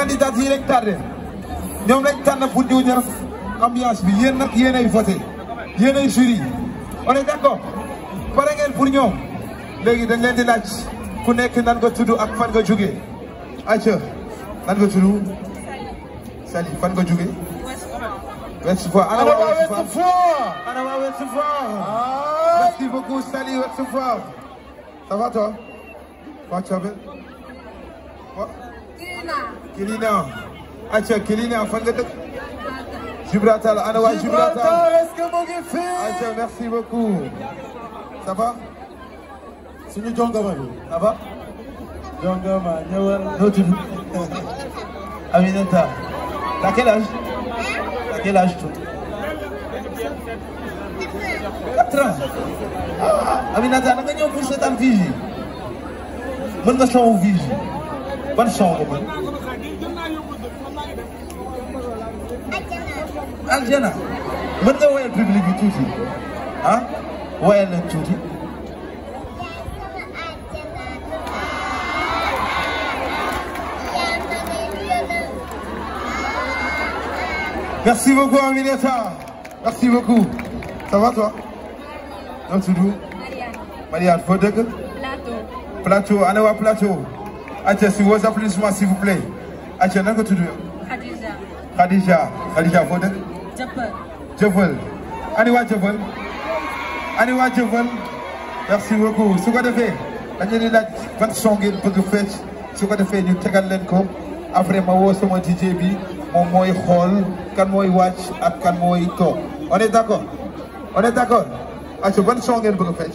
candidat yi rek tardé ñoom rek tànn pour ñu ñor ambiance bi yéen nag yéenay voté yéenay jury on est d'accord pare ngeen pour ñoom léegi dañ leen di laaj ku nekk nan nga tudd ak fan nga jógee ayca nan nga fan nga jógee Ouest ana waa Ouest Foire ana waa Ouest Foire merci beaucoup Saly Ouest Foire ça va toi Kilina acca Kilina fan nga dëkk Gibraltar ana waa Gibraltar est-ce que mu ngi Acha merci beaucoup ça va suñu jongama bi ça va jongama ñëwal noo tudd Aminata t'as quel âge t'as quel âge toi 4 ans ah, Aminata na nga ñëw pour seetaan fii mën nga sawu fii ban son e nga Aljena. aljana mën nga woyal public bi tuuti ah woyal leen tuuti. Merci beaucoup, Aminata. Merci beaucoup. Ça va, toi où? Maria. Maria, Marianne, faut Plateau. Plateau, allez voir Plateau. Atia, what's vos applaudissements, s'il vous plaît. Atia, n'a que tu Khadija. Khadija. Khadija, vous êtes Djebel. Djebel. Aniwa Djebel. Aniwa Djebel. Merci beaucoup. Ce qu'on a fait, dañu leen di laaj ban son ngeen bëgg fecc su ko defee ñu tegal leen ko après ma woo sama DJ bi moom mooy xool kan mooy wàcc ak kan mooy toog on est d'accord on est d'accord aco ban son ngeen bëgg fecc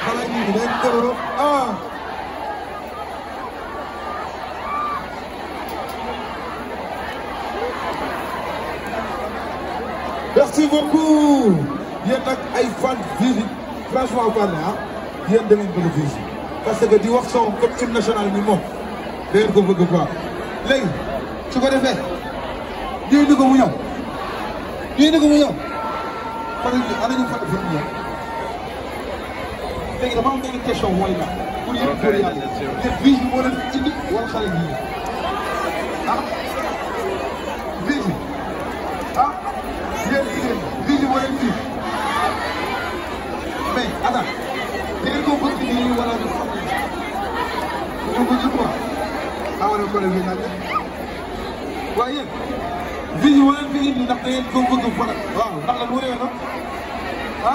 xale yi numéro un. merci beaucoup yéen nag ay fan visite franchement fan ah yéen da ngeen bëgg visite parce que di wax son comme hymne national bi moom da ngeen ko bëgg quoi léegi su ko defee ñuy dugg mu ñëw ñuy dugg mu ñëw fan yii ana ñu fan fan ñëw. tegen é de man tegen Kesho Hoyna. Voor je voor je. De visie voor het in wat zal ik hier. Ah. Visie. Ah. Hier iedereen. Visie voor het visie. Nee, ada. Tegen kom goed die hier wat aan de hand. Kom goed op. Gaan we nog kunnen winnen. Waar je? Visie voor het visie. Dat tegen kom goed op. Waaw, dat is mooi hoor. Ah.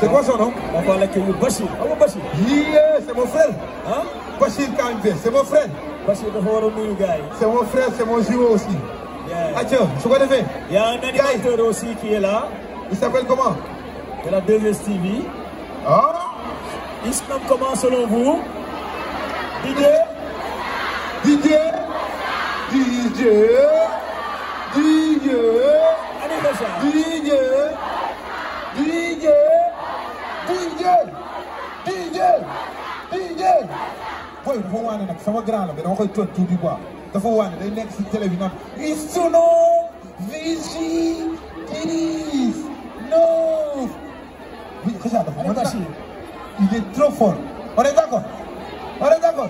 C'est quoi son nom On parle avec lui Bachir. Ah, Bachir Yeah, c'est mon frère. Hein Bachir Kangbe, c'est mon frère. Bachir de Horonou, gars. C'est mon frère, c'est mon jumeau aussi. Ah, tiens, je fait Il y a un animateur aussi qui est là. Il s'appelle comment c'est la 2 Ah Il se nomme comment selon vous Didier Didier Didier Didier Allez, Bachir DJ boy dafa waane nag sama grand la mais dama koy toj quoi dafa waane day nekk si télé bi naan huit sunu vigile dix neuf. oui xëcc a il est trop fort on est d'accord on est d'accord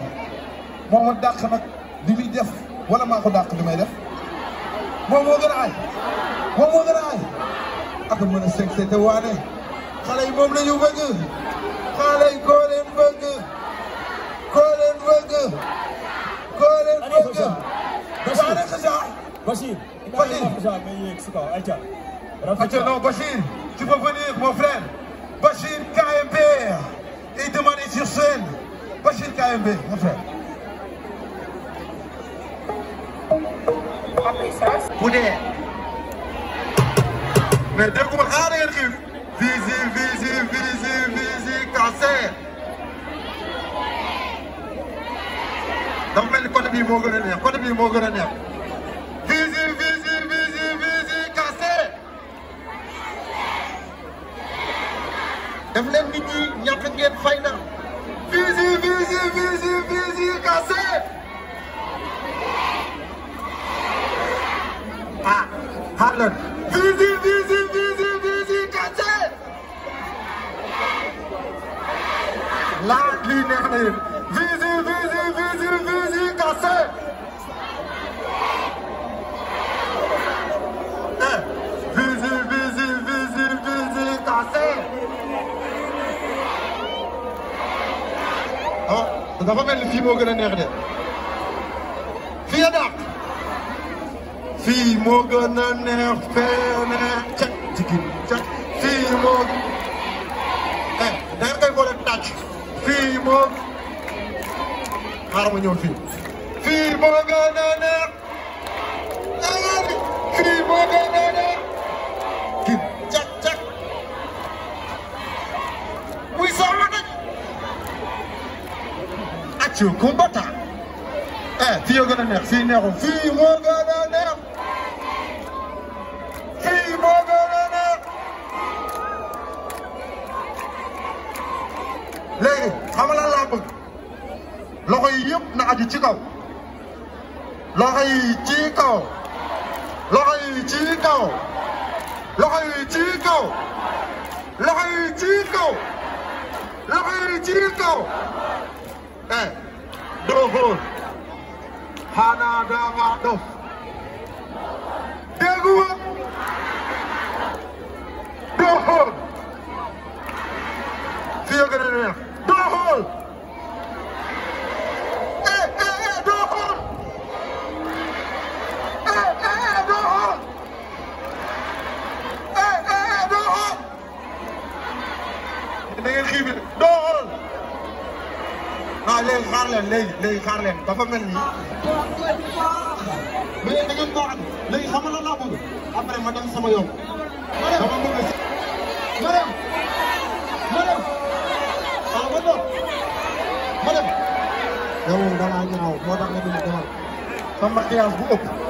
moom moo dàq nag li muy def wala maa ko dàq li def moom moo gën a aay moom moo gën a aay ak mën a seq te waane xale yi moom la ñu bëgg xale yi Bachir. tu peux venir, mon frère. Bachir KMB et demander sur scène. Bachir KMB, mon frère. mais visi visi visi visi cancer côté a côté def leen nit ñi ñàkk visi visi visi visi kase ah xaar visi visi visi visi kase laa lii te dafa mel ni fii moo gën a neex de fii a dàq fii moo gën a neex feene cak jigéen cak fii moo eh da ngeen koy boole tàcc fii moo xaaral ma ñëw fii fii moo gën a neex tu combattant eh fii yoo gën neex fii fii moo neex fii moo bëgg loxo yi yëpp na ci kaw loxo yi ci kaw loxo yi ci kaw loxo yi ci kaw Dogo. Hana Dama Dof. Degu. Dogo. Fio Guerreiro. Dogo. Eh, eh, eh, Dogo. Eh, eh, eh, Dogo. Eh, eh, eh, Dogo. Ninguém ri, Dogo. waaw léegi xaar leen léegi léegi xaar leen dafa mel ni. mais da ngeen koo xam léegi xam nga lan laa bëgg après ma dem sama yoon. dama bëgg si. ma dem ma dem ah ma dem ma dem. yow danaa ñaaw moo tax nga dund demal. sama maquillage bu ëpp.